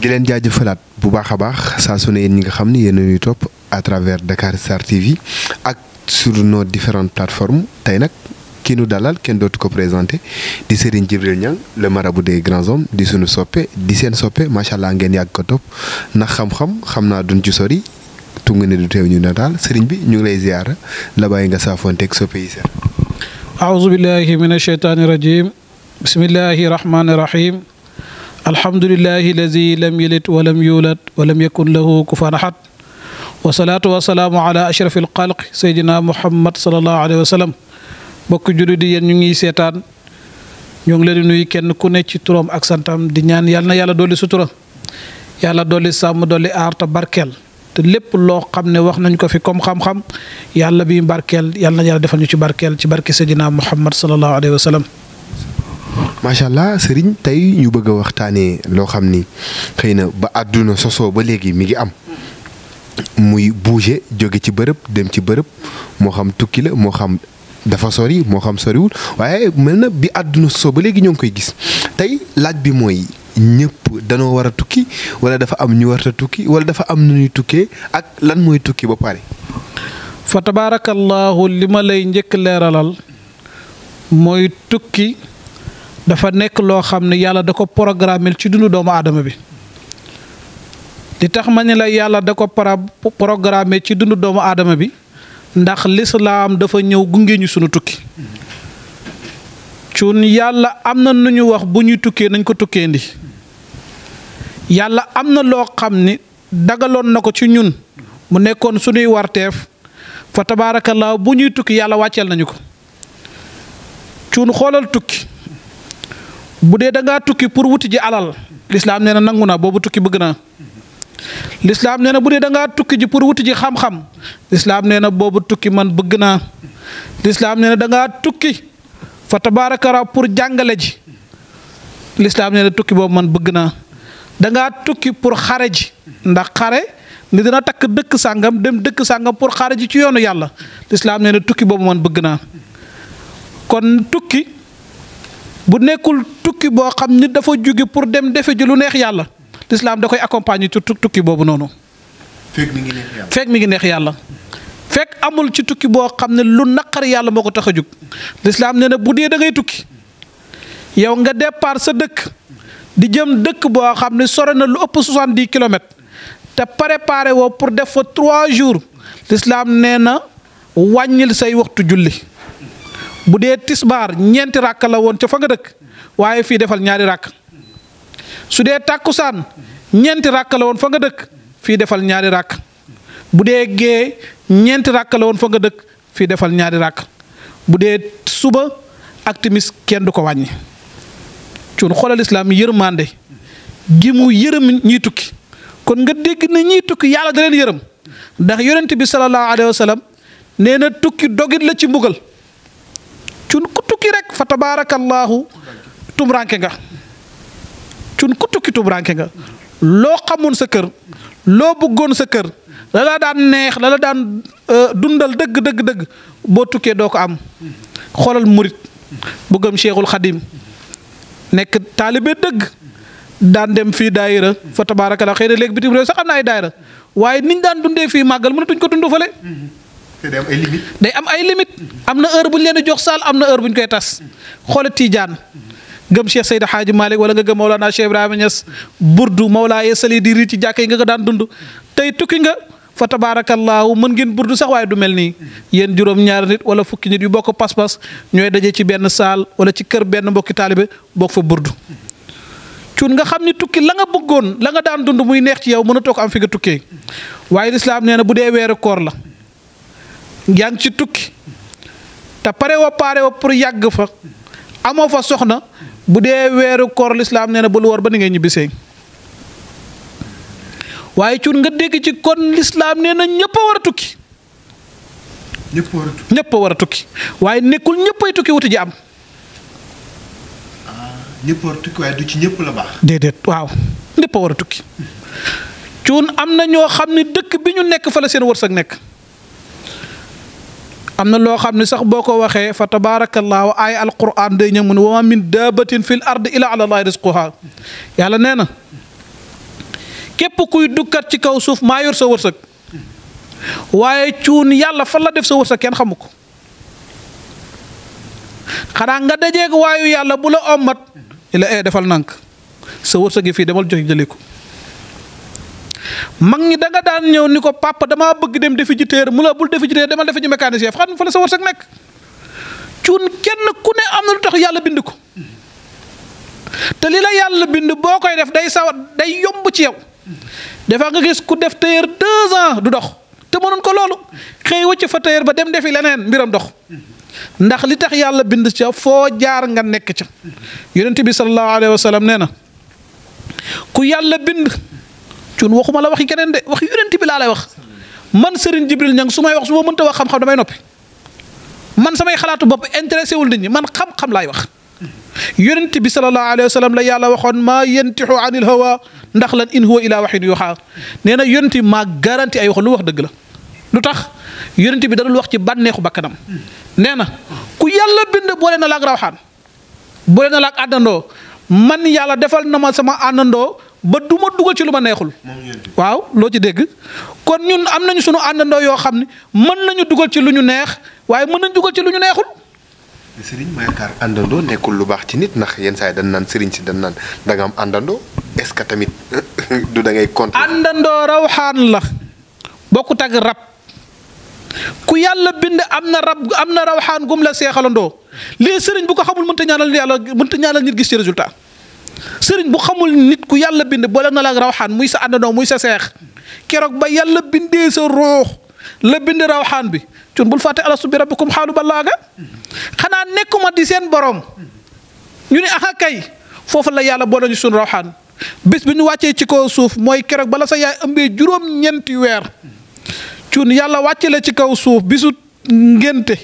di leen jaajëfalaat bu baax a baax saa su ne yéen ñi nga xam ne yéen ñuy topp à travers Dakar Star TV ak sur nos différentes plateformes tey nag ki nu dalal kenn dootu ko présenté di Serigne Djibril Niang le marabout des grands hommes di sunu soppee di seen soppe macha allah ngeen yàgg ko topp ndax xam-xam xam naa duñ ci sori tungu ne du teew ñu nataal Serigne bi ñu ngi lay ziyaara la bàyyi nga saafoonteeg soppe yi alhamdulillahi alladi lam yalid wa lam yulad wa lam yakun lahu kufuwan ahad wasalaatu ashrafi alxalq saydina muhammad salallahu alayhi wa sallam mbokk jullit yi ñu ngi seetaan ñoo ngi leen di nuyu kenn ku ne ci turam ak santam di ñaan yàlla na yàlla dolli sutura yàlla dolli sàmm dolli aar te barkeel te lépp loo xam ne wax nañ ko fi comme xam-xam yàlla bi barkeel yàlla na yàlla defal ñu ci barkeel ci barke saydina muhammad salallahu alayhi wa sallam macha allah sëriñ tey ñu bëgg waxtaanee loo xam ni xëy na ba àdduna sosoo ba léegi mi ngi am. muy bouger jóge ci bërëb dem ci bërëb moo xam tukki la moo xam dafa sori moo xam soriwul waaye mel na bi àdduna sosoo ba léegi ñoo ngi koy gis tey laaj bi mooy. ñëpp danoo war a tukki wala dafa am ñu warta tukki wala dafa am nu ñuy tukkee ak lan mooy tukki ba pare. fa tabaarakallaahu li ma lay njëkk leeralal mooy tukki dafa nekk loo xam ne yàlla da ko programmel ci dundu doomu aadama bi di tax ma ne la yàlla da ko para programme ci dundu doomu aadama bi ndax lislaam dafa ñëw gunge ñu sunu tukki cuun yàlla am na nu ñu wax bu ñuy tukkee nañ ko tukkee ndi yàlla am na loo xam ni dagaloon na ko ci ñun mu nekkoon suñuy warteef fa tabaarakallaa bu ñuy tukki yàlla wàcceel nañu ko cuun xoolal tukki bu dee da ngaa tukki pour wuti ji alal lislaam nee na nangu naa boobu tukki bëgg na lislaam nee na bu dee da tukki ji pour wuti ji xam-xam lislaam nee na boobu tukki man bëgg naa lislaam nee na da ngaa tukki fa tabaarakara pour jàngale ji lislaam nee na tukki boobu man bëgg naa da tukki pour xare ji ndax xare ni takk dëkk sàngam dem dëkk sàngam pour xare ji ci yoonu yàlla lislaam nee na tukki boobu man bëgg naa kon tukki bu nekkul tukki boo xam nit dafa jóge pour dem defe ji lu neex yàlla lislaam da koy accompagner ci tukki boobu noonu. feek mi ngi neex yàlla fekk amul ci tukki boo xam ne lu naqari yàlla moo ko tax a jóg lislaam nee na bu dee da ngay tukki yow nga départ sa dëkk di jëm dëkk boo xam ne sore na lu ëpp 70 kilomètres te préparé woo pour def fa trois jours lislaam nee na wàññil say waxtu julli. bu dee tisbaar ñeenti ràkk la woon ca fa nga dëkk waaye fii defal ñaari ràkk su dee tàkkusaan ñeenti ràkk woon fa nga dëkk fii defal ñaari ràkk bu dee gée ñeenti woon fa nga dëkk fii defal ñaari ràkk bu dee suba ak timis kenn du ko wàññi cuun xoolal islaam yërmande gi mu yërëm ñiy tukki kon nga dégg na ñiy tukki yàlla da leen yërëm ndax yonent bi sallallahu alayhi wa sallam nee na tukki dogit la ci mbugal cun ku tukki rek fa tabaarakallaahu tumranke nga cun ku tukki tumranke nga loo xamoon sa kër loo bëggoon sa kër la la daan neex la la daan euh, dundal dëgg dëgg dëgg boo tukkee doo ko am xoolal murit bu gëm Cheikhul Xadim nekk taalibe dëgg daan dem fii daayira fa tabaarakallaahu xëy na léegi bitim réew sax am na ay daayira waaye niñ daan dundee fii màggal mënatuñ ko dund fale day am ay limite am na heure bu leen di jox saal am na heure bu ñu koy tas xoole Tiijaan gëm Cheikh Seydi xaaj Malick wala nga gëm Mawlana Cheikh Ibrahima Niass burdu Mawlaa yee sali di ri ci jàkka yi nga ko daan dund tey tukki nga fa tabaarakallaahu mën ngeen burdu sax waaye du mel nii yéen juróom-ñaari nit wala fukki nit yu bokk pas-pas ñooy daje ci benn saal wala ci kër benn mbokki taalibe bokk fa burdu cuun nga xam ni tukki la nga bëggoon la nga daan dund muy neex ci yow mën a toog am fi nga tukkee waaye lislaam nee na bu dee weeru koor la yaa ci tukki te pare wa pour yàgg fa amoo fa soxna bu dee weeru koor lislaam nee na bul woor ba ni ngay ñibbisee waaye cuun nga dégg ci kon lislaam nee na ñëpp war a tukki. ñëpp war a tukki waaye nekkul ñëppay tukki wuti ji am. Ah, ñëpp war a tukki du ci ñëpp la waaw ñëpp war a tukki. cuun am na ñoo xam ne dëkk bi ñu nekk fa la seen wërsëg nekk. am na loo xam ne sax boo ko waxee fa tabaarakallaahu aaya alquran day ñëw mu ne wa ma min daabatin fil ard illa ala llaahi rizquhaa yàlla nee na képp kuy dukkat ci kaw suuf maa yor sa wërsëg waaye cuun yàlla fan la def sa wërsëg kenn xamu ko xanaa nga dajeeg waayu yàlla bu la omat ila ee eh, defal nànk sa wërsëg fii demal jox jëli ko mag ñi da daan ñëw ni ko papa dama bëgg dem defi ji téer mu la bul defi ji téer demal defi ji mécanicien fa xam fa la sa wërsëg nekk cuun kenn ku ne am na lu tax yàlla bind ko te li la yàlla bind boo koy def day saw day yomb ci yow dafa nga gis ku def téer deux ans du dox te mënoon ko loolu xëy wacc fa téer ba dem defi leneen mbiram dox ndax li tax yàlla bind ca foo jaar nga nekk ca yonent bi sallallahu alayhi wa nee na ku yàlla bind cuun waxuma la waxi keneen de wax yonent bi laa lay wax man Serigne Jibril Niang su may wax su ma mënta wax xam-xam damay noppi man samay xalaatu bopp intéressé wul nit ñi man xam-xam laay wax. yonent bi sallallahu alayhi wa sallam la yàlla waxoon maa yentixu anil hawa ndax lan in huwa ilaa waxin yuuxa nee na yonent bi maa garanti ay wax lu wax dëgg la lu tax yonent bi danul wax ci banneexu bakkanam nee na ku yàlla bind boole na la ak rawxaan boole na la ak àndandoo yàlla defal na ma sama àndandoo ba du ma dugal ci lu ma neexul. waaw loo ci dégg. kon ñun am nañu sunu àndandoo yoo xam ne mën nañu dugal ci lu ñu neex waaye mën nañu dugal ci lu ñu neexul. sëriñ ma yaakaar àndandoo nekkul lu baax ci nit ndax yenn saa yi dañ naan sëriñ si dañ naan danga am àndandoo est-ce que tamit du da ngay compter. raw xaan la bokkut ak rab ku yàlla bind am na rab am na rawxaan gum la seexalandoo lii sëriñ bu ko xamul mënta ñaanal yàlla mënta ñaanal nit gis ci résultat. sëriñ bu xamul nit ku yàlla bind boole na la ak rawxaan muy sa àndandoo muy sa seex keroog ba yàlla bindee sa ruux la bind rawxaan bi cun bul fàtte alastu bi rabbikum xaalu balaaga xanaa nekkuma di seen borom ñu ne axa kay foofu la yàlla boole ñu sun bis bi ñu wàccee ci kaw suuf mooy keroog bala sa yaay ëmbee juróom-ñeenti weer cun yàlla wàcce la ci kaw suuf bisu ngénte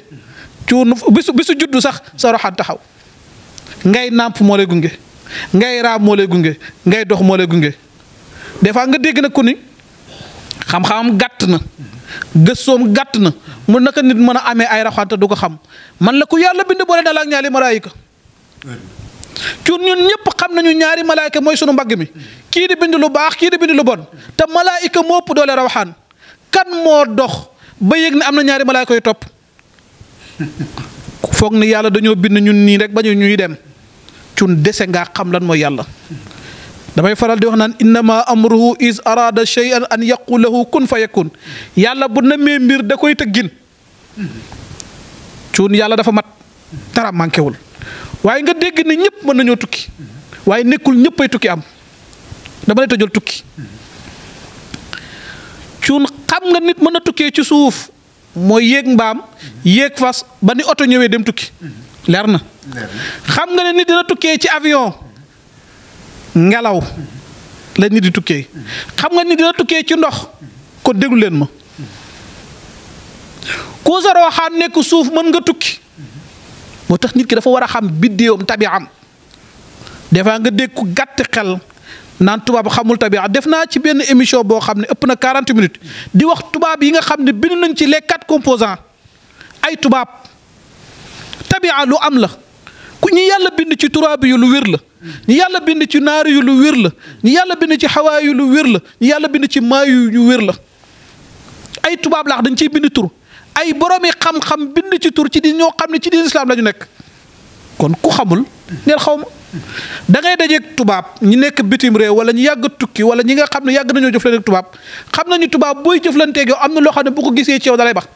cun bisu bisu juddu sax sa rawxaan taxaw ngay nàmp moo lay gunge. ngay raab moo lay gunge ngay dox moo lay gunge des fois nga dégg na ku ni xam-xamam gàtt na gëstoom gàtt na mu naka nit mën a amee ay raxante du ko xam man la ku yàlla bind boole dal ak ñaari malaayika cuun ñun ñëpp xam nañu ñaari malaayika mooy sunu mbagg mi kii di lu baax kii di bind lu te malaayika moo ëpp doole rawaxaan kan moo dox ba yëg ne am na ñaari malaayika yu topp foog ni yàlla dañoo bind ñun nii rek ba ñu ñuy dem cun dese ngaa xam lan mooy yàlla damay faral di wax naan innama amruhu is arada shay'an an yaqulahu kun fa yakun yàlla bu namee mbir da koy tëggin cuun yàlla dafa mat dara manqué wul waaye nga dégg ne ñëpp mën nañoo tukki waaye nekkul ñëpp ay tukki am dama lay tëjal tukki cuun xam nga nit mën a tukkee ci suuf mooy yéeg mbaam yéeg fas ba ni oto ñëwee dem tukki leer na xam nga ne nit dina tukkee ci avion ngelaw la nit di tukkee xam nga nit dina tukkee ci ndox ko déglu leen ma ku sa rooxaan nekk suuf mën nga tukki moo tax nit ki dafa war a xam biddeewam tabi'am des fois nga dégg ku gàtt xel naan tubaab xamul tabi'a def naa ci benn émission boo xam ne ëpp na 40 minutes di wax tubaab yi nga xam ne bind nañ ci les quatre composants ay tubaab tabi'a lu am la. ku ñi yàlla bind ci turaabi yu lu wér la ñi yàlla bind ci naar yu lu wér la ñi yàlla bind ci xawaa lu wér la ñi yàlla bind ci maa yu ñu wér la ay tubaab laax dañ ciy bind tur ay boromi xam-xam bind ci tur ci di ñoo xam ne ci diin islaam la ñu nekk kon ku xamul neel xaw ma da ngay tubaab ñi nekk bitim réew wala ñu yàgg tukki wala ñi nga xam ne yàgg nañoo jëflanteeg tubaab xam nañu tubaab booy jëflanteeg yow am na loo xam ne bu ko gisee ci yow dalay bax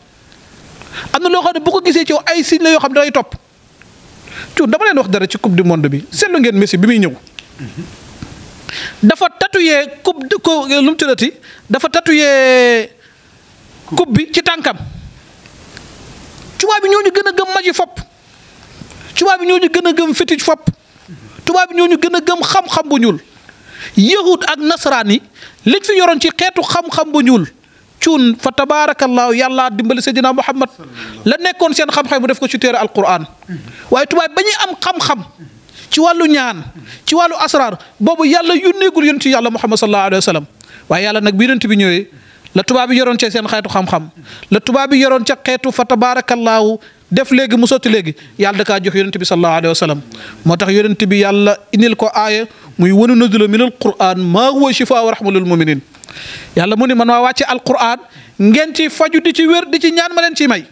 am loo xam ne bu ko gisee ci ay signe yoo xam ne dalay topp cuun dama leen wax dara ci coupe di monde bi seetlu ngeen Messi bi muy ñëw. dafa tatoué coupe ko lu mu tuddati dafa tatoué coupe bi ci tànkam. tubaab bi ñoo ñu gën a gëm maji fopp tubaab bi ñoo ñu gën a gëm fétiche fopp tubaab bi ñoo ñu gën a gëm xam-xam bu ñuul yahut ak nasaraan yi liñ fi yoroon ci xeetu xam-xam bu ñuul cuun fa tabaarakallaahu yàlla dimbali sayyidina Muhammad la nekkoon seen xam-xam mu def ko ci téere alquran waaye tubaab ba ñuy am xam-xam ci wàllu ñaan ci wàllu asraar boobu yàlla yónneegul yonent yàlla Muhammad sallallahu alayhi wa sallam waaye yàlla nag bi bi ñëwee la tubaab yi yoroon ci seen xeetu xam-xam la tubaab yi yoroon ca xeetu fa tabaarakallaahu def léegi mu sotti léegi yàlla da kaa jox yonent bi sallallahu alayhi wa sallam moo tax yonent bi yàlla inil ko aaya muy wanu nazula min alquran maa huwa shifaa wa rahmatul muminin yàlla mu ni man maa wàcce alquran ngeen ci faju di ci wér di ci ñaan ma leen ciy may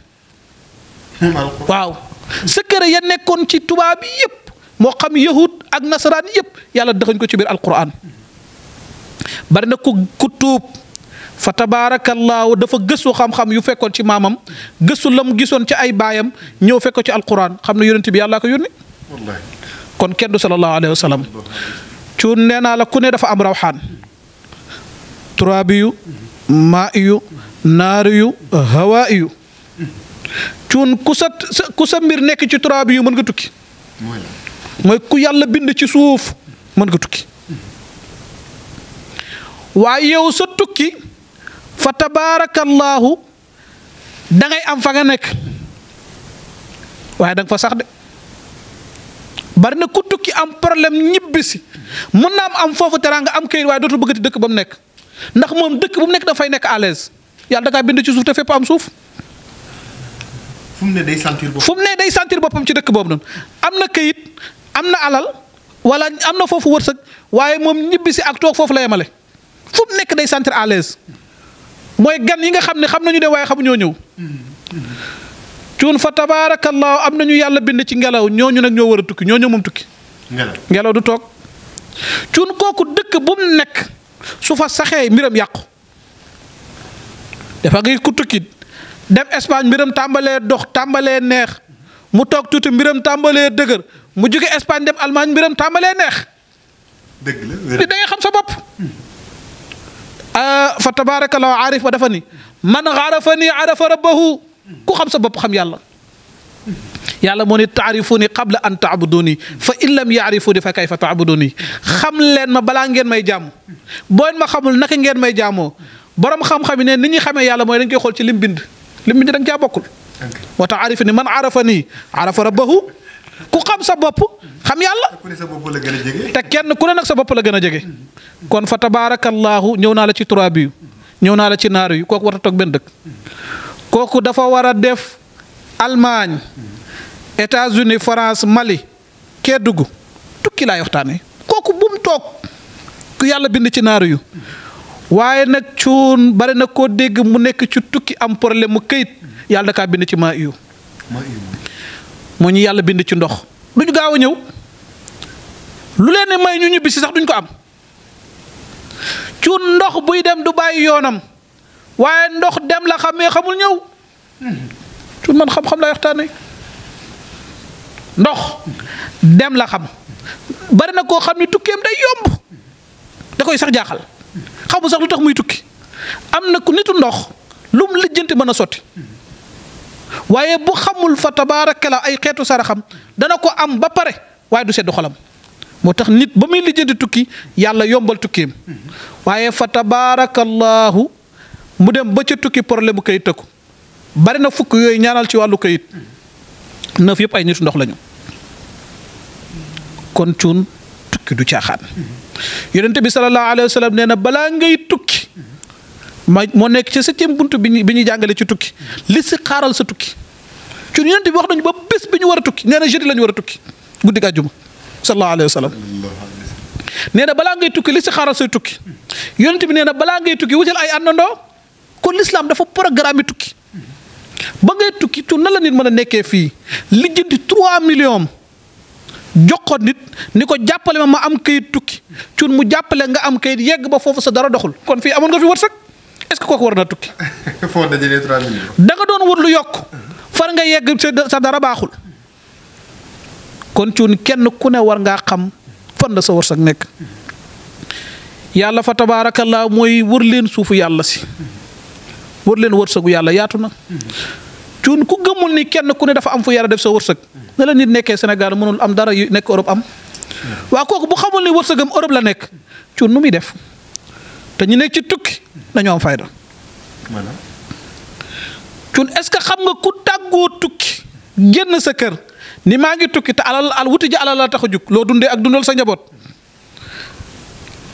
waaw secret ya nekkoon ci tubaab bi yëpp moo xam yahud ak nasaraan yëpp yàlla dëxañ ko ci biir alquran bari na ku ku tuub fa tabaarakallaahu dafa gëstu xam-xam yu fekkoon ci maamam gëstu la mu gisoon ci ay baayam ñëw fekkoo ci alquran xam ne yonent bi yàllaa ko yónni kon kenn du sallallahu alayhi wa cuun nee naa la ku ne dafa am rawxaan turaabiyu maayu naariyu hawaayu cuun ku sa ku sa mbir nekk ci yu mën nga tukki mooy ku yàlla bind ci suuf mën nga tukki waaye yow sa tukki fa tabaarakallaahu da am fa nga nekk waaye da fa sax de bari na ku tukki am problème ñibbisi mën naa am am foofu teraanga am këyit waaye dootul bëggati dëkk ba mu nekk ndax moom dëkk bu mu nekk dafay nekk à l'aise yàlla da bind ci suuf te fépp am suuf. fu mu ne day sentir boppam ci dëkk boobu noonu am na këyit am na alal wala am na foofu wërsëg waaye moom ñibbisi ak toog foofu la yemale fu mu nekk day sentir à mooy gan yi nga xam ne xam nañu ne waaye xamuñoo ñëw. cuun fa tabaarakallaahu am nañu yàlla bind ci ngelaw ñu nag ñoo war a tukki ñooñu moom tukki. ngelaw ngelaw du toog cuun kooku dëkk bu mu nekk. su fa saxee mbiram yàqu dafa ngi ku tukkit dem Espagne mbiram tàmbalee dox tàmbalee neex mu toog tuuti mbiram tàmbalee dëgër mu jóge Espagne dem Allemagne mbiram tàmbalee neex. dëgg la da xam sa bopp. Euh, fa tabaaraka laahu aarif ba dafa man xaarafani arafa rabbahu ku xam sa bopp xam yàlla. yàlla moo ni taarifuni qabla an taabuduni fa in lam yaarifuni fa kayfa taabuduni xam leen ma balaa ngeen may jàmm boo ma xamul naka ngeen may jàmmoo borom xam-xam yi ne ni ñuy xamee yàlla mooy dañ koy xool ci lim bind lim bind da nga caa bokkul. moo tax arif man arafa nii arafa rabbahu ku xam sa bopp xam yàlla. te kenn ku ne nag sa bopp la gën a jege. kon fa tabaarakallaahu ñëw naa la ci trois bi ñëw naa la ci naar yi kooku war a toog benn kooku dafa war a def Allemagne. États-Unis France Mali Kédougou tukki laay waxtaanee kooku bu toog ku yàlla bind ci naaru yu waaye nag cuun bari na koo dégg mu nekk ci tukki am problème mu këyit yàlla da kaa bind ci maa iyu moo ñu yàlla bind ci ndox duñu gaaw a ñëw lu leen ne may ñu ñibbi sax duñ ko am cuun ndox buy dem du bàyyi yoonam waaye ndox dem la xamee xamul ñëw hmm. cuun man xam-xam laay waxtaanee ndox dem la xam bari na koo xam ni tukkeem day yomb da koy sax jaaxal xamu sax lu tax muy tukki am na ku nitu ndox lu mu lijjanti mën a sotti waaye bu xamul fa tabaarakala ay xeetu saraxam dana ko am ba pare waaye du sedd xolam moo tax nit ba muy lijjanti tukki yàlla yombal tukkiam waaye fa tabaarakallaahu mu dem ba ca tukki problème mu kayit tëkku bari na fukk yooyu ñaanal ci wàllu kayit neuf yëpp ay nitu ndox lañu kon tukki du caaxaan yonente bi sallallahu alayhi wa sallam nee na balaa ngay tukki ma moo nekk ci septième buntu bi ñu bi ñuy jàngale ci tukki li si xaaral sa tukki cuun yonente bi wax nañu ba bés bi ñu war a tukki nee na jeudi la war a tukki guddi gi àjjuma sallallahu alayhi wa na balaa ngay tukki li si xaaral say tukki yonente bi nee na balaa ngay tukki wutal ay àndandoo kon l'islam dafa programme tukki ba ngay tukki tur na la nit mën a nekkee fii lijjanti 3 millions jox ko nit ni ko jàppale ma ma am kayit tukki cun mu jàppale nga am kayit yegg ba foofu sa dara doxul kon fii amoon nga fi wërsëg est-ce que kooku war naa tukki. foo dajalee 3 doon wut lu yokk far nga yegg sa dara baaxul kon cun kenn ku ne war nga xam fan la sa wërsëg nekk yàlla fa tabaarakallaa mooy wër leen suufu yàlla si. war leen wërsëgu yàlla yaatu na. cuun ku gëmul ni kenn ku ne dafa am fu yàlla def sa wërsëg. ne la nit nekkee Sénégal mënul am dara yu nekk Europe am. waa kooku bu xamul ni wërsëgam Europe la nekk cuun nu muy def te ñu nekk ci tukki dañoo am fayda. cuun est-ce que xam nga ku tàggoo tukki génn sa kër ni maa ngi tukki te alal al wuti ji alal la tax a jug loo dundee ak dundal sa njaboot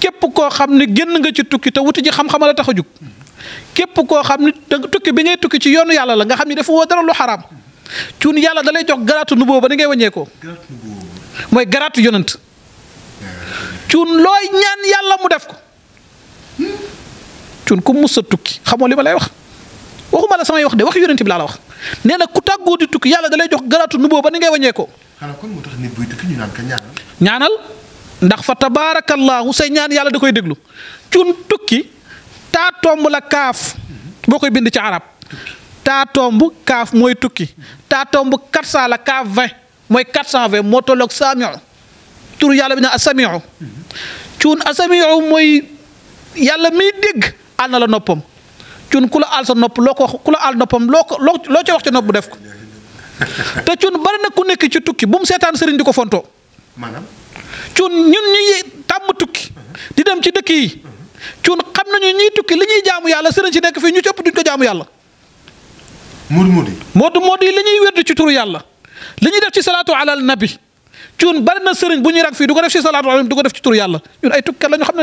képp koo xam ne génn nga ci tukki te wuti ji xam-xam la tax a jug képp koo xam ne tukki bi ngay tukki ci yoonu yàlla la nga xam ne dafa woo dara lu xaraam cuun yàlla da lay jox garaatu nu ba ni ngay wàññeekoo garaatu yonant cuun looy ñaan yàlla mu def ko cuun ku mus a tukki li ma lay wax waxuma la samay wax de wax yonent la wax nee ku tàggoo di tukki da lay jox garaatu nu ba ni ngay wàññeekoo. xanaa kon moo tax ñaanal. ndax fa tabaarakallaahu say ñaan yàlla da koy déglu cuun tukki. taa la kaaf boo koy bind ci arab taa tomb kaaf mooy tukki taa tomb 400 la kaaf 20 mooy 420 moo tolloog samiu tur yàlla bi na ne asamiu cuun asamiu mooy yàlla miy dégg àl na la noppam cuun ku la àl sa nopp loo ko ku la àl noppam loo ko loo ci wax ci nopp def ko te cuun bari ku nekk ci tukki bu mu seetaan sëriñ di ko fontoo maanaam cuun ñun ñuy tàmm tukki uh-huh. di dem ci dëkk yi cuun xam nañu ñiy tukki li ñuy jaamu yàlla sëriñ si nekk fii ñu cëpp duñ ko jaamu yàlla. moodu moodu yi. li ñuy wérdu ci turu yàlla li ñuy def ci salaatu alal nabi cuun bari na sëriñ bu ñuy rang fii du ko def ci salaatu alal du ko def ci turu yàlla ñun ay tukkat la ñu xam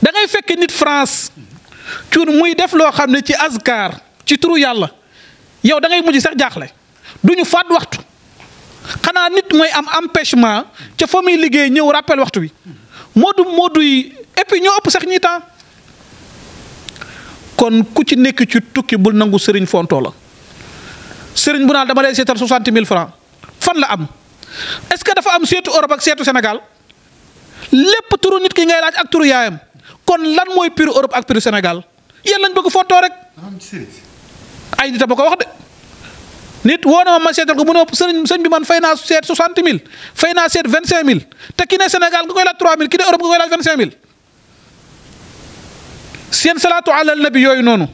ne fekk nit France cuun muy def loo xam ne ci azkar ci turu yàlla yow da ngay mujj sax jaaxle du ñu faat waxtu xanaa nit mooy am empêchement ca fa liggéey ñëw rappel waxtu wi. moodu moodu yi et puis ñoo ëpp sax ñi kon ku ci nekk ci tukki bul nangu sëriñ fontoo la sëriñ bu naan dama lay seetal soixante mille francs fan la am est-ce que dafa am seetu Europe ak seetu Sénégal lépp turu nit ki ngay laaj ak turu yaayam kon lan mooy prix Europe ak prix Sénégal yéen lañ bëgg fontoo rek ay nit a ma ko wax de. nit woo na ma ma seetal ko bu sëñ bi man fay naa seet soixante mille fay naa seet vingt cinq mille te ki ne Sénégal nga koy laaj trois mille ki Europe nga koy laaj vingt cinq mille seen salaatu alal nabi yooyu noonu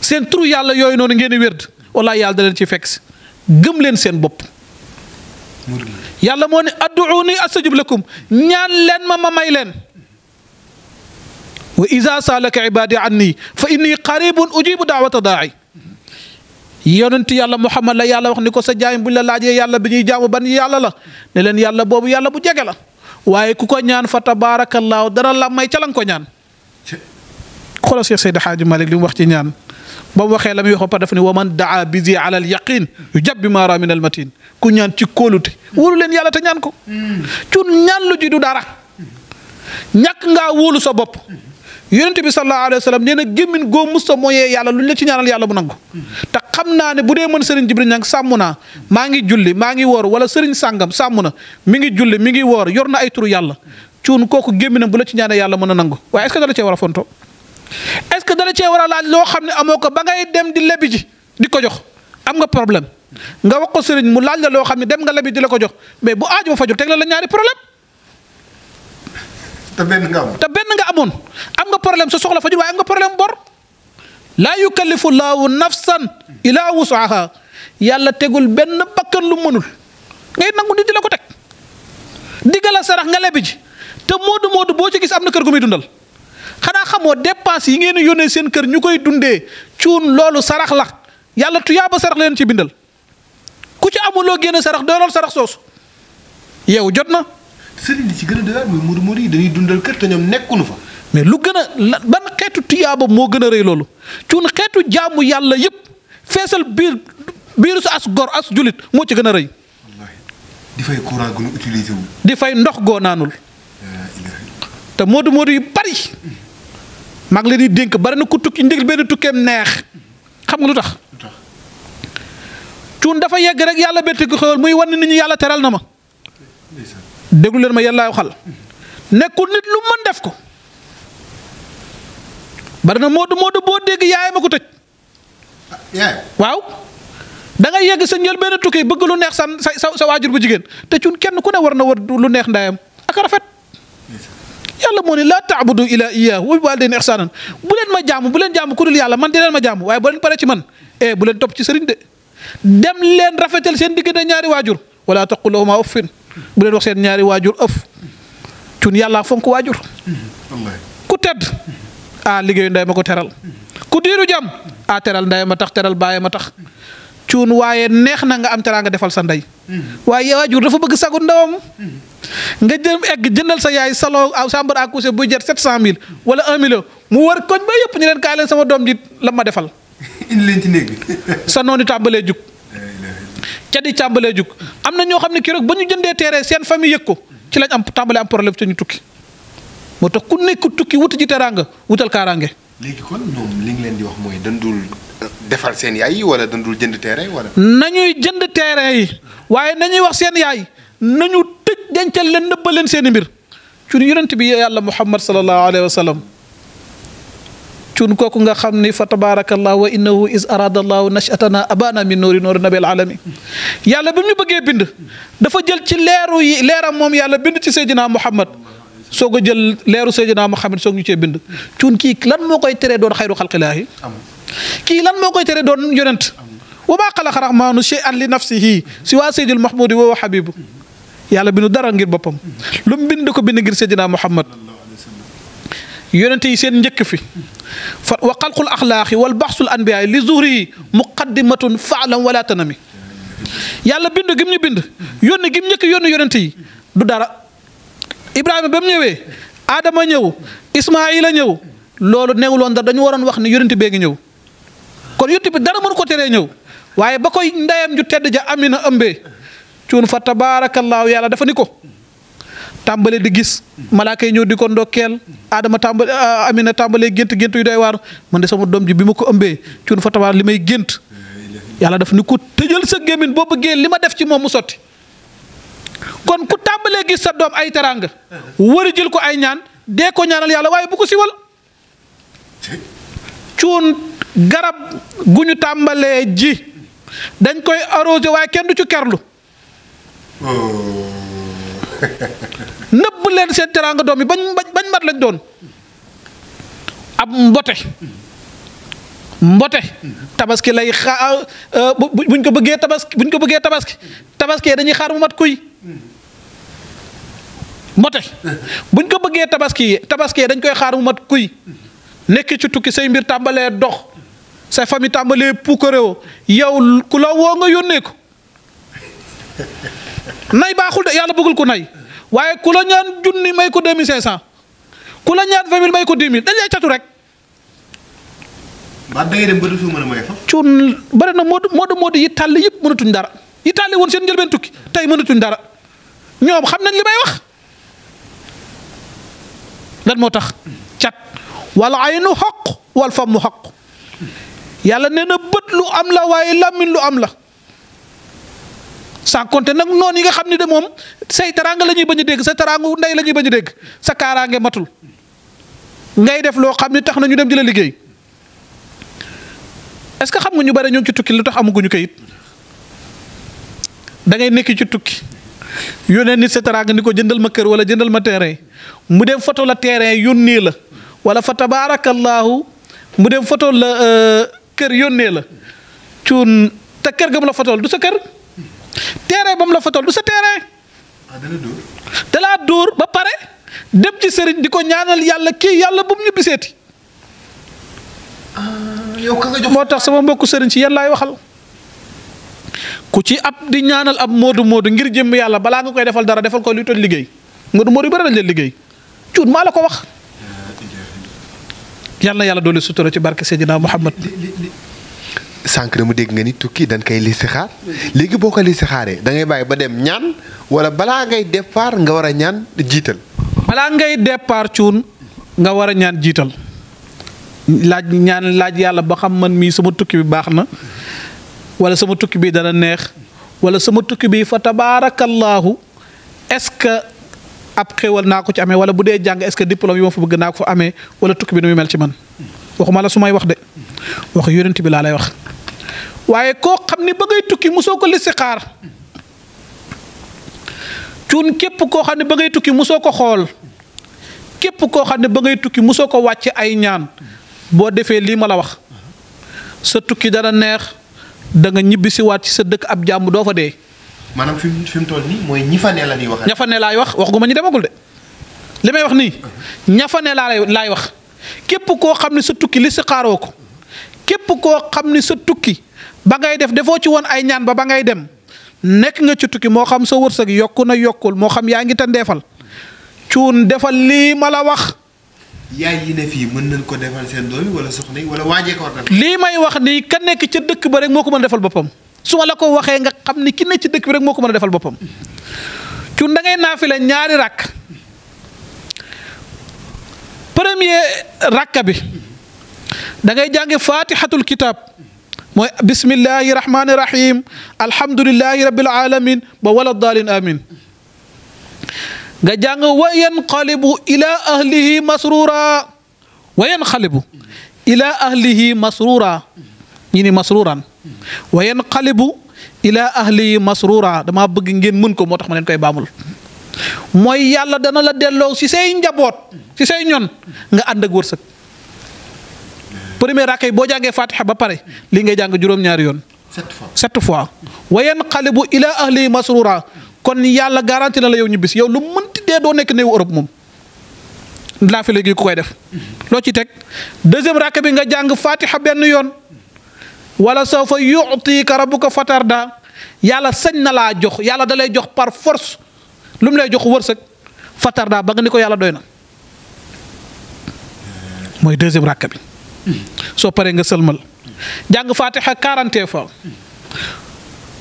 seen turu yàlla yooyu noonu ngeen di wérd wallaahi yàlla leen ci fekk si gëm leen seen bopp. yàlla moo ne adduuni astajib lakum ñaan leen ma ma may leen. wa iza saalaka ibaadi anni fa inni qaribun ujibu daawata daa'i yonent yàlla muhammad la yàlla wax ni ko sa jaam buñ la laajee yàlla bi ñuy jaamu ban yàlla la ne leen yàlla boobu yàlla bu jege la waaye ku ko ñaan fa tabaarakallaahu dara la may ca la ko ñaan. xoolal Cheikh Seydi Hadji Malick li mu wax ci ñaan ba mu waxee la muy wax ba pare daf wa man daa bizi ala al yaqin yu jab bi maara min al matin ku ñaan ci kóolute wóolu leen yàlla te ñaan ko. Hmm. cun ñaan lu ji du dara ñàkk nga wóolu sa bopp. yonente bi sallallahu alayhi wa sallam nee na gémmin goo musta mooyee yàlla lu ñu la ci ñaanal yàlla mu nangu te xam naa ne bu dee mën sëriñ Jibril ñang sàmm naa maa ngi julli maa ngi woor wala sëriñ sàngam sàmm na mi ngi julli mi ngi woor yor na ay turu yàlla cuun kooku gémminam bu la ci ñaanee yàlla mën a nangu waaye est ce que dala cee war a fonto est ce dala cee war a laaj loo xam ne amoo ko ba ngay dem di lebi ji di ko jox am nga problème nga wax ko sëriñ mu laaj loo xam ne dem nga lebi di la ko jox mais bu aaju ba fajul teg la ñaari problème te benn nga amoon te benn nga amoon am nga problème sa soxla fajul waaye am nga problème bor laa yukallifu laahu nafsan ila wusaha yàlla tegul benn bakkan lu mënul ngay nangu nit di la ko teg diggala sarax nga lebi ji te moodu moodu boo ci gis am na kër gu muy dundal xanaa xamoo dépense yi ngeen di yónnee seen kër ñu koy dundee cuun loolu sarax la yàlla tuyaaba sarax leen ci bindal ku ci amuloo génne sarax doolool sarax soosu yow jot na. sëriñ li ci gën a doy waar mooy murmur yi dañuy dundal kër te ñoom nekkunu fa. mais lu gën a lan ban xeetu tuyaaba moo gën a rëy loolu cuun xeetu jaamu yàlla yëpp feesal biir biiru sa as gor as julit moo ci gën a rëy. di fay ndox goo naanul. te moodu moodu yu bari. maa ngi leen di dénk bari na ku tukki ndigal benn tukkeem neex xam nga lu tax. cuun dafa yegg rek yàlla bett ko xewal muy wan ni ñu yàlla teral na ma. déglu leen ma yàllaayu xal nekkul nit lu mën def ko bari na moodu moodu boo dégg yaay ma ko tëj waaw da ngay yegg sa njël benn tukki bëgg lu neex san sa sa waajur bu jigéen te cun kenn ku ne war na war lu neex ndaayam ak rafet yàlla moo ne laa taabudu ila iyaahu wa bi waalidayni ihsaanan bu leen ma jaamu bu leen jaamu ku yàlla man di leen ma jaamu waaye bu leen pare ci man eh bu leen topp ci sëriñ de dem leen rafetal seen diggante ñaari waajur wala taqul lahumaa uffin bu leen wax seen ñaari waajur ëf cun yàllaa fonk waajur ku tedd a ah, liggéeyu nday ma ko teral ku diiru jàmm a ah, teral nday ma tax teral baay ma tax cuun waaye neex na nga am teraanga defal sa ndey waaye waajur dafa bëgg sagu ndawam nga jëm egg jëndal sa yaay saloo aw ah, chambre à coucher buy jar sept cent mille wala un million mu war koñ ba yëpp ñu leen kaay leen sama doom ji la ma defal sa noonu tàmbalee jug ca di càmbalee jug am na ñoo xam ne keroog ba ñu jëndee teere seen famille yëg ko ci lañ am tàmbalee am problème ca ñu tukki moo tax ku nekku tukki wuti ji teraanga wutal kaaraange. léegi kon ñoom leen di wax mooy dandul euh, defal seen yaay wala dandul jënd teere wala. nañuy jënd teere yi waaye nañuy wax seen yaay nañu tëj dencal leen nëbbal leen seen i mbir ci yonent bi yàlla Muhammad sallallahu alayhi wa sallam cun kooku nga xam ni fa tabaarakallah wa innahu is arada allahu nashatana abana min nuuri nuuri nabil alamin yàlla bind dafa jël ci leeru yi leeram moom yàlla bind ci seydina muhammad soo ko jël leeru seydina muhammad soog ñu cee bind cun kii lan moo koy tere doon xayru xalqilaahi kii lan moo koy teree doon yonent wa maa xalaqa rahmaanu shay'an li nafsihi si waa seydil mahmudi wa habibu yàlla bindu dara ngir boppam lu mu bind ko bind ngir seydina muhammad yonente yi seen njëkk fi fa wa xalqul axlaaqi wal baxsul anbiyaay li zuhri yi faalam wala yàlla bind gim ñu bind yónni gim njëkk yónni yonente du dara ibrahima ba mu ñëwee aadama ñëw ismaila ñëw loolu newuloon dara dañu waroon wax ne yonente bee ngi ñëw kon yonente bi dara mënu ko teree ñëw waaye ba koy ndeyam ju tedd ja amina ëmbee cuun fa tabaarakallaahu yàlla dafa ni ko tàmbale di gis malaaka yi ñëw di ko ndokkeel aadama tàmbale ah, amina tàmbalee gént gént yu doy waar man de sama doom ji bi ma ko ëmbee cuun foto tabaar li may gént yàlla def ni ko tëjal sa gémmiñ boo bëggee li ma def ci moom mu sotti kon ku tàmbalee gis sa doom ay teraanga war a jël ko ay ñaan dee ko ñaanal yàlla waaye bu ko siwal cuun garab gu ñu tàmbalee ji dañ koy arrosé waaye kenn du ci kerlu oh. nëbb leen seen teraanga doom yi bañ bañ mat lañ doon ab mbote mbote tabaski lay xaa euh, buñ ko bëggee tabaski buñ ko bëggee tabaski tabaski dañuy xaar mu mat kuy mbote buñ ko bëggee tabaski tabaski dañ koy xaar mu mat kuy nekk ci tukki say mbir tàmbalee dox sa famille tàmbalee puukareewoo yow ku la woo nga yónnee ko nay baaxul de yàlla bëggul ko nay waaye ku la ñaan junni may ko deux mille cinq ku la ñaan vingt mille may ko dix mille dañ lay catu rek. ba dangay dem ba du fi mën a may na moodu moodu moodu yi yëpp mënatuñ dara yi tàlli woon seen njëlbeen tukki tey mënatuñ dara ñoom xam nañ li may wax lan moo tax cat ay aynu xaq wal famu xaq yàlla nee na bët lu am la waaye làmmiñ lu am la sans compter nag noonu yi nga xam ne de moom say taraanga la ñuy bañ dégg sa taraangu ndey la ñuy a dégg sa kaaraange matul ngay def loo xam ne tax nañu dem di la liggéey est-ce que xam nga ñu bare ñu ci tukki lu tax amaguñu kayit da ngay nekk ci tukki yónnee nit sa taraanga ni ko jëndal ma kër wala jëndal ma terrain mu dem foto la terrain yónnee la wala fa tabaarakallaahu mu dem foto la euh, kër yónnee la cuun te kër ga mu la fotool du sa kër. terrain ba mu la fotal du sa terrain. Ah, da laa dóor ba pare dem ci sëriñ di ko ñaanal yàlla kii yàlla bu mu ñu biseeti. Ah, moo tax sama mbokk sëriñ si yan laay waxal. ku ci ab di ñaanal ab moodu moodu ngir jëmm yàlla balaa nga koy defal dara defal ko luy toj liggéey moodu moodu yu bëri lañ leen liggéey cuut maa la ko wax. yal ah, yàlla doole sutura ci barke Seydina Muhammad sànq na mu dégg nga ni tukki dañ koy listixaar léegi boo ko listixaaree da ngay bàyyi ba dem ñaan wala balaa ngay départ nga war a ñaan jiital. balaa ngay départ cuun nga war a ñaan jiital laaj ñaan laaj yàlla ba xam man mii suma tukki bi baax na wala sama tukki bi dana neex wala sama tukki bi fa tabaarakallaahu est-ce que. ab xéwal naa ko ci amee wala bu dee jàng est-ce que diplôme yi bëgg naa ko amee wala tukki bi nu muy mel ci man waxuma la su may wax de wax yonent bi laa lay wax waaye koo xam ne ba ngay tukki mosoo ko listixaar cuun képp koo xam ne ba ngay tukki mu soo ko xool képp koo xam ne ba ngay tukki mosoo ko wàcc ay ñaan boo defee lii ma la wax sa tukki dana neex da ñibbi si waat ci sa dëkk ab jàmm doo fa dee. maanaam fi fi mu toll nii mooy ñi fa la di wax. ña ne laay wax wax gu ma ñu demagul de li may wax nii ña ne laa laay wax képp koo xam ne sa tukki li si xaaroo ko képp koo xam ne sa tukki ba ngay def defoo ci woon ay ñaan ba ba ngay dem nekk nga ci tukki moo xam sa wërsëg yokku na yokkul moo xam yaa ngi tàndeefal cuun defal lii ma la wax. yaay yi ne fii mën nañ ko defal seen doom wala soxna yi wala waajee ko war def lii may wax nii ka nekk ca dëkk ba moo ko mën defal boppam su ma la ko waxee nga xam ni ki ne ci dëkk bi rek moo ko mën a defal boppam cuun da ngay naafile ñaari rakk premier rakka bi dangay ngay jàngi faatihatul kitaab. mooy bismillahi rahmaani rahim alhamdulillahi rabbil alamin ba wala daalin amin nga jàng wa yanqalibu ila ahlihi masrura wa yanqalibu wa yanqalibu ila ahlihi masrura dama bëgg ngeen mën ko moo tax ma leen koy baamul mooy yàlla dana la delloo ci say njaboot ci say ñoon nga ànd ak premier rakkay boo jàngee fatiha ba pare lii ngay jàng juróom-ñaari yoon. set fois sept fois. wa yanqalibu ila ahlihi masrura kon yàlla garanti na la yow ñibbisi yow lu mënti dee doo nekk néewu Europe moom. laa fi léegi ku koy def. loo ci teg deuxième rakk bi nga jàng fatiha benn yoon. wala soo fa yu'tika rabbuka fatarda yàlla sañ na laa jox yàlla da jox par force lu mu lay jox wërsëg fatarda ba ni ko yàlla doy na mooy deuxième rakk bi. soo paree nga sëlmal jàng fatiha quarante fois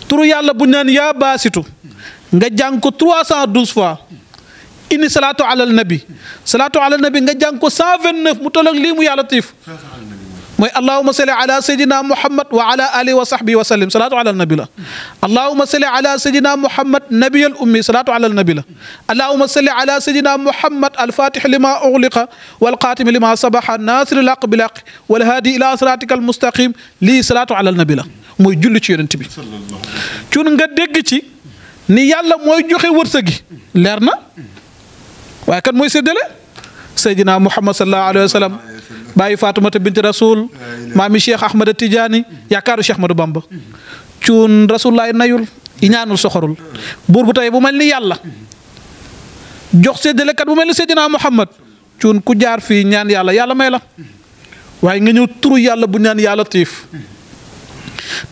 turu yàlla bu naan yaa baasitu nga jàng ko trois cent douze fois inni salaatu alal nabi salaatu alal nabi nga jàng ko cent vingt neuf mu toll ak lii mu yàlla tiif mooy allahuma salli ala sayidina muhammad wa ala alihi wa sahbihi wa sallim salaatu ala nabi la allahuma salli ala sayidina muhammad nabiyal ummi salaatu ala nabi la allahuma salli ala sayidina muhammad alfatih lima ughliqa walxaatimi lima sabaxa naasiri laq bi laq walhaadi ila siraatika almustaqim lii salaatu ala nabi la mooy julli ci yonent bi cun nga dégg ci ni yàlla mooy joxe wërsëg gi leer na waaye kan mooy séddale sayyidina muhammad sallallahu alayhi wa sallam bàyyi fatumata binti rasul maami cheikh ahmada tidiani yaakaaru cheikh ahmadou bamba cuun rasulullaay nayul ñaanul soxorul buur bu tey bu mel ni yàlla jox séddalekat bu mel ni seydinaa muhammad cuun ku jaar fii ñaan yàlla yàlla may la waaye nga ñëw turu yàlla bu ñaan yàlla tiif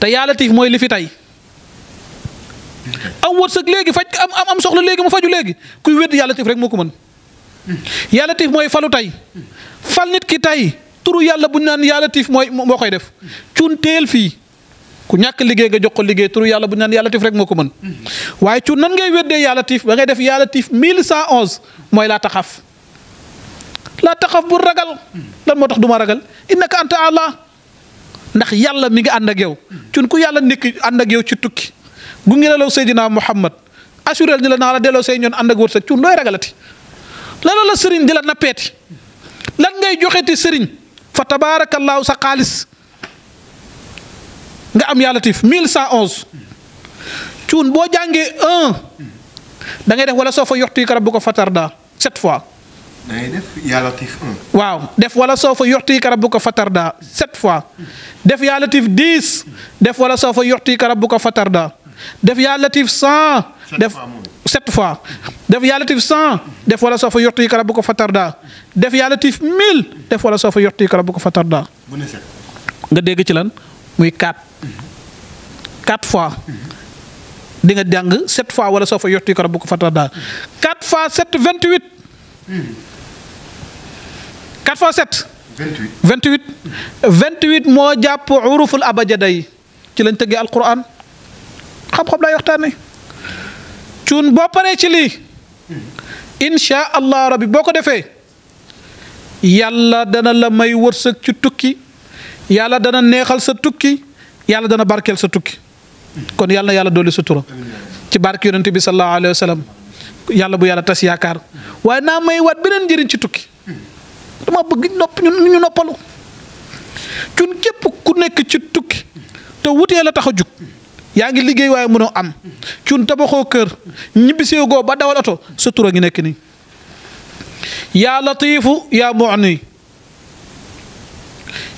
te yàlla tiif mooy lifi tay tey am wërsëg léegi faj am soxla léegi mu faju léegi kuy wedd yàlla tiif rek moo ko mën yàlla latiif mooy falu tey fal nit ki tey turu yàlla bu ñu naan yaa latiif mooy moo koy def cun teel fii ku ñàkk liggéey nga jox ko liggéey turu yàlla bu ñaan yàlla yaa latiif rek moo ko mën waaye cun nan ngay weddee yaa latiif ba ngay def yaa latiif 1111 mooy laa taxaf laa taxaf bu ragal lan moo tax duma ma ragal innaka anta allah ndax yàlla mi ngi ànd ak yow cun ku yàlla nekk ànd ak yow ci tukki gu ngi la law Seydina Muhammad assurel ni la naa la delloo say ñoon ànd ak wërsëg cun looy ragalati lana la sëriñ la nappeeti lan ngay joxeeti sëriñ fa tabaarakallaahu sa xaalis nga am mille cent 1111 cuun boo jàngee un da def wala soo fa yoxti karab bu ko fatarda sept fois. da def yàlla tif def wala soo fa yoxti karab bu ko fatarda sept fois def yàlla tif 10 def wala soo fa bu ko fatarda def yàlla tif 100 def. sept fois def yaa latif cent def wala soo fa yortu kara bu ko fa def yaa latif def wala soo fa yortu kara bu ko fa tarda nga dégg ci lan muy quatre quatre fois di nga jàng sept fois wala soo fa yortu kara bu ko fa tarda quatre fois sept vingt huit quatre fois sept vingt huit vingt huit moo jàpp uruful abajada yi ci lañ tëggee alquran xam-xam laay waxtaanee cuun boo paree ci lii insha allah rabbi boo ko defee yàlla dana la may wërsëg ci tukki yàlla dana neexal sa tukki yàlla dana barkeel sa tukki kon yàlla na yàlla dolli sa tura ci barke yonente bi sallallahu alayhi bu yàlla tas yaakaar waaye naa may waat beneen njëriñ ci tukki dama bëgg nopp noppalu cun képp ku nekk ci tukki te wutee la tax a jug yaa ngi liggéey waaye mënoo am cun tabaxoo kër ñibbisee goo ba dawal oto sa a ngi nekk nii yaa latiifu yaa mu'ni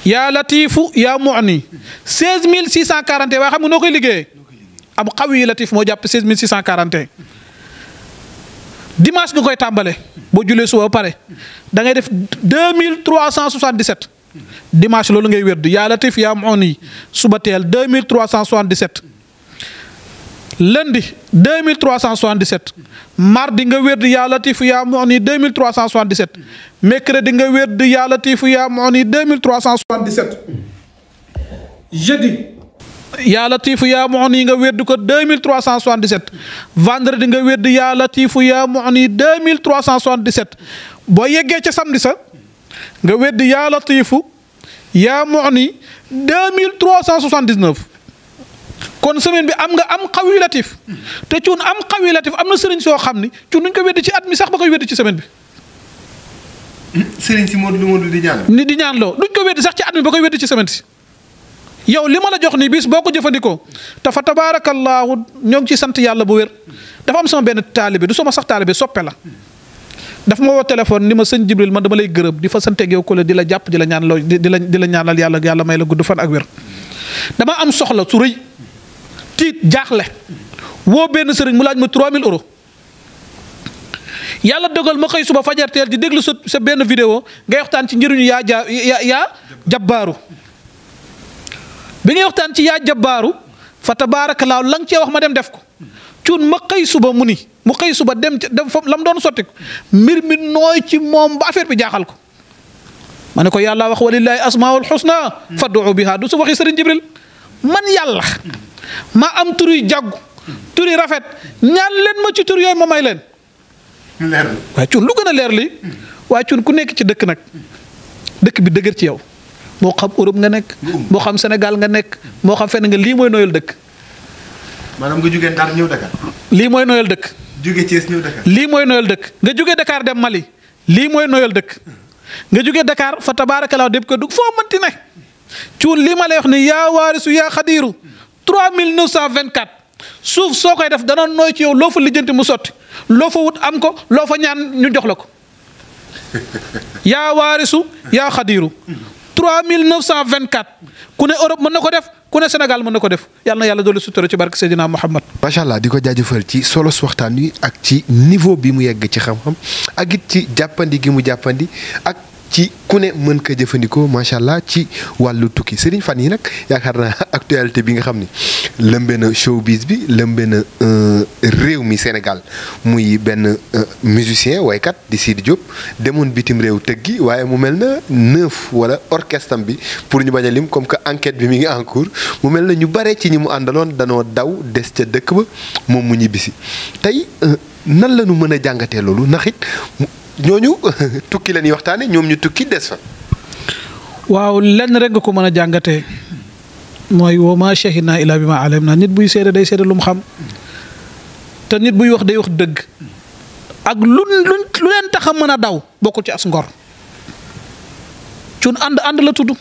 yaa latiifu yaa mu'ni 16641 waaye xam nga noo koy liggéeyee am xaw yi moo jàpp 16641 dimanche nga koy tàmbale boo julee suba ba pare da ngay def 2377 dimanche loolu ngay wérdu yaa latif yaa mu'ni suba teel 2377 lundi 2377 mardi nga wér di yaa latifu yaa mu'ni 2377 mercredi nga wér di yaa latifu yaa mu'ni 2377 jeudi yaa latifu yaa mu'ni nga wér di ko 2377 vendredi nga wér di yaa latifu yaa mu'ni 2377 boo yeggee ca samedi sa nga wér di yaa latifu yaa mu'ni 2379 kon semaine bi am nga am xaw yu latif te cuun am xaw yu am na sëriñ soo xam ni cuun nuñ ko weddi ci at mi sax ba koy weddi ci semaine bi. sëriñ si Modou di ñaan. ni di ñaan loo duñ ko weddi sax ci at mi ba koy ci semaine yow li ma la jox nii bis boo ko jëfandikoo te fa tabaarakallaahu ñoo ngi ci sant yàlla bu wér dafa am sama benn taalibe du sama sax taalibe soppe la. dafa ma woo téléphone ni ma sëñ Jibril man dama lay gërëm di fa santeeg yow ko la di la jàpp di la ñaan loo di la di la ñaanal yàlla yàlla may la gudd fan ak weer dama am soxla su tiit jaaxle woo benn sëriñ mu laaj ma 3000 euros yàlla dogal ma xëy suba fajarteel di déglu sa sa benn vidéo ngay waxtaan ci njëriñu yaa ja yaa jabbaaru bi nga waxtaan ci yaa jabbaaru fa tabaarakallaahu la nga cee wax ma dem def ko cuun ma xëy suba mu ni mu xëy suba dem ca dem fa la doon sotti ko mbir mi nooy ci moom ba affaire bi jaaxal ko. ma ne ko yàlla wax walillaahi asmaul xusna fad'u biha du su waxi sëriñ Jibril man yàlla. ma am turi yu jaggu tur yu rafet ñaan leen ma ci tur yooyu ma may leen. waaye cun lu gën a leer li waaye cun ku nekk ci dëkk nag dëkk bi dëgër ci yow moo xam Europe nga nekk. moo xam senegal nga nekk. moo xam fenn nga lii mooy noyal dëkk. maanaam nga jógee ñëw Dakar. lii mooy nooyal dëkk. jóge Thiès lii mooy nooyal dëkk nga jógee Dakar dem Mali lii mooy noyal dëkk. nga jóge dakaar fa tabaarakalaaw dépp ko dugg foo mënti ne. cuun lii ma lay wax ni yaa waarisu yaa xadiiru mille cent 3924 suuf soo koy def dana nooy ci yow loo fa lijjanti mu sotti loo fa wut am ko loo fa ñaan ñu jox la ko yaa waarisu yaa xadiiru 3924 ku ne Europe mën na ko def ku ne Sénégal mën na ko def yàlla na yàlla doole sutura ci barke Seydina Muhammad. macha allah di ko jaajëfal ci solos waxtaan wi ak ci niveau bi mu yegg ci xam-xam ak it ci jàppandi gi mu jàppandi ak. ci ku ne mën ka jëfandikoo macha allah ci wàllu tukki sëriñ fan yi nag yaakaar naa actualité bi nga xam ni lëmbee na showbiz bi lëmbee na euh, réew mi Sénégal muy benn euh, musicien waykat di Sidi Diop demoon bitim réew tëggi waaye mu mel na neuf wala orchestre bi pour ñu bañ a lim comme que enquête bi mi ngi en cours mu mel na ñu bare ci ñi mu àndaloon danoo daw des ca dëkk ba moom mu ñibbisi tey euh, nan la ñu mën a jàngatee loolu ndax it ñooñu tukki leen ñuy waxtaane ñoom ñu tukki des fa waaw lenn rek nga ko mën a jàngatee mooy woo maa shahid naa ilaa bi ma alam naa nit buy seede day seede lu mu xam te nit buy wax day wax dëgg ak lu leen tax a mën a daw bokkul ci as ngor cun ànd ànd la tudd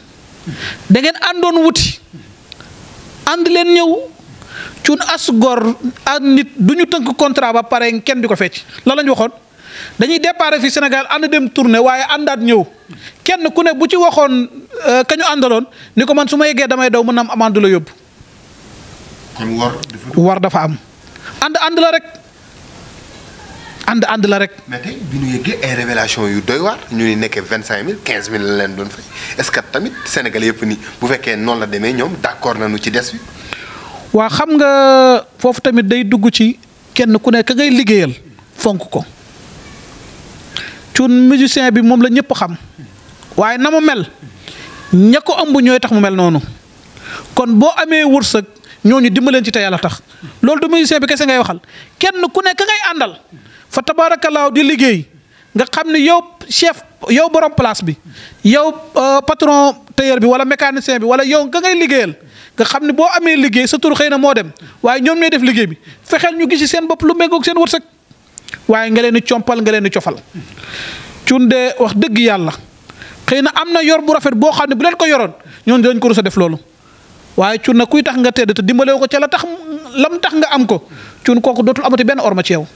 dangeen àndoon wuti ànd leen ñëw cun as gor ak nit du ñu tënk contrat ba pare kenn di ko fecc la lañ waxoon dañuy déparé fi Sénégal ànd dem tournée waaye àndaat ñëw kenn ku ne bu ci waxoon euh, kañu àndaloon ni ko man su ma yeggee damay daw mën am amande la yóbbu. war dafa am. ànd ànd la rek. ànd ànd la rek. mais tey bi ay révélation yu doy waar ñu ni nekkee vingt cinq mille quinze mille la leen doon fay est ce que tamit Sénégal yëpp ni bu fekkee noonu la demee ñoom d' accord nañu ci des bi. waa xam nga foofu tamit day dugg ci kenn ku ne ka ngay liggéeyal fonk ko. cuun musicien bi moom la ñëpp xam waaye na mu mel ña ko ëmb ñooy tax mu mel noonu kon boo amee wërsëg ñooñu dimbaleen ci te a tax loolu du musicien bi kese ngay waxal kenn ku nekk ngay àndal fa tabaarakalaaw di liggéey nga xam ne yow chef yow borom place bi yow euh, patron tailleur bi wala mécanicien bi wala yow nga ngay liggéeyal nga xam ni boo amee liggéey sa tur xëy na moo dem waaye ñoom ñooy def liggéey bi fexeel ñu gis seen bopp lu méngoog seen wërsëg. waaye nga compal nga leen di cofal cunde wax dëgg yàlla xëy na am na yor bu rafet boo xam ne bu leen ko yoroon ñoon dañ ko rus a def loolu waaye cun na kuy tax nga tedd te dimbalewu ko ca la tax lam tax nga am ko cun kooku dootul amati benn orma ci yow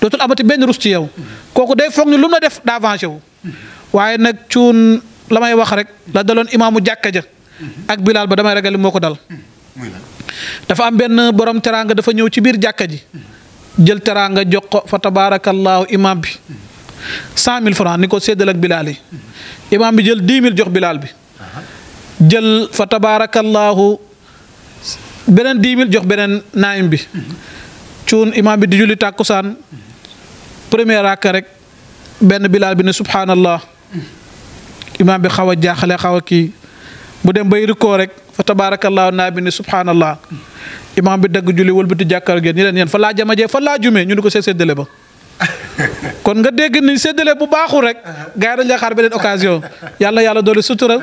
dootul amati benn rus ci yow kooku day foog ni lu mu def daa avancé wu waaye nag cuun la may wax rek la daloon imaamu jàkka ja ak bilaal ba damay ragal moo ko dal dafa am benn borom teraang dafa ñëw ci biir jàkka ji jël teraanga jox ko fa tabaarakallaahu imaam bi cent mille francs ni ko séddal ak bilaal bi jël dix mille jox bilaal bi jël fa tabaarakallaahu beneen jox beneen naayim bi cuun imaam bi di julli tàkkusaan premier raaka rek benn bilaal bi ne subhaanallah imaam bi xaw a jaaxle xaw a kii mu dem bay rikoo rek fa tabaarakallaahu naa bi ne subhaanallah imaam bi dagg julli wëlbati jàkkaar ngeen ñu leen yeen fa laa jamajee fa jumee ñu ni ko seet seddale ba kon nga dégg ni séddale bu baaxul rek gars yi dañ la xaar beneen occasion yàlla yàlla doole sutura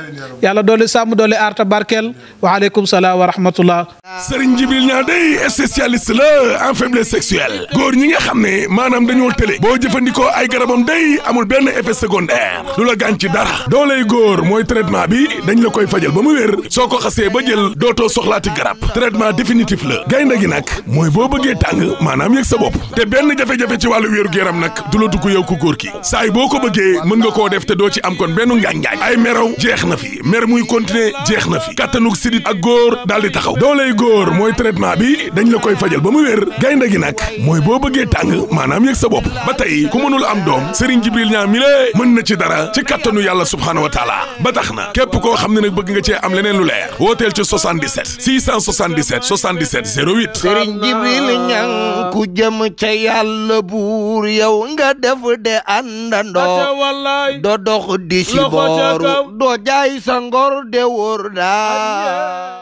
yàlla doole sàmm doole arta barkeel waaleykum salaam wa rahmatullah Serigne Jibril Niang day spécialiste la en faiblesse sexuelle góor ñi nga xam ne maanaam dañoo tële boo jëfandikoo ay garabam day amul benn effet secondaire du la gaañ ci dara dooley góor mooy traitement bi dañ la koy fajal ba mu wér soo ko xasee ba jël dootoo soxlaati garab traitement définitif la gaynde gi nag mooy boo bëggee tàng maanaam yëg sa bopp te benn jafe ci wàllu wéeru yaram na nag du la dugg yow ku góor ki saay boo ko bëggee mën nga koo def te doo ci am kon benn ngaañ-ngaañ ay meraw jeex na fi mer muy continuer jeex na fi kattanug sidit ak góor daal di taxaw dooley góor mooy traitement bi dañ la koy fajal ba mu wér gaynde gi nag mooy boo bëggee tàng maanaam yëg sa bopp ba tey ku mënul am doom Serigne Jibril ñaa mi lée mën na ci dara ci kattanu yàlla subhaanahu wa ba tax na képp koo xam ne nag bëgg nga cee am leneen lu leer yow nga def de àndandoo do dox di si booru sa ngor de wóor daa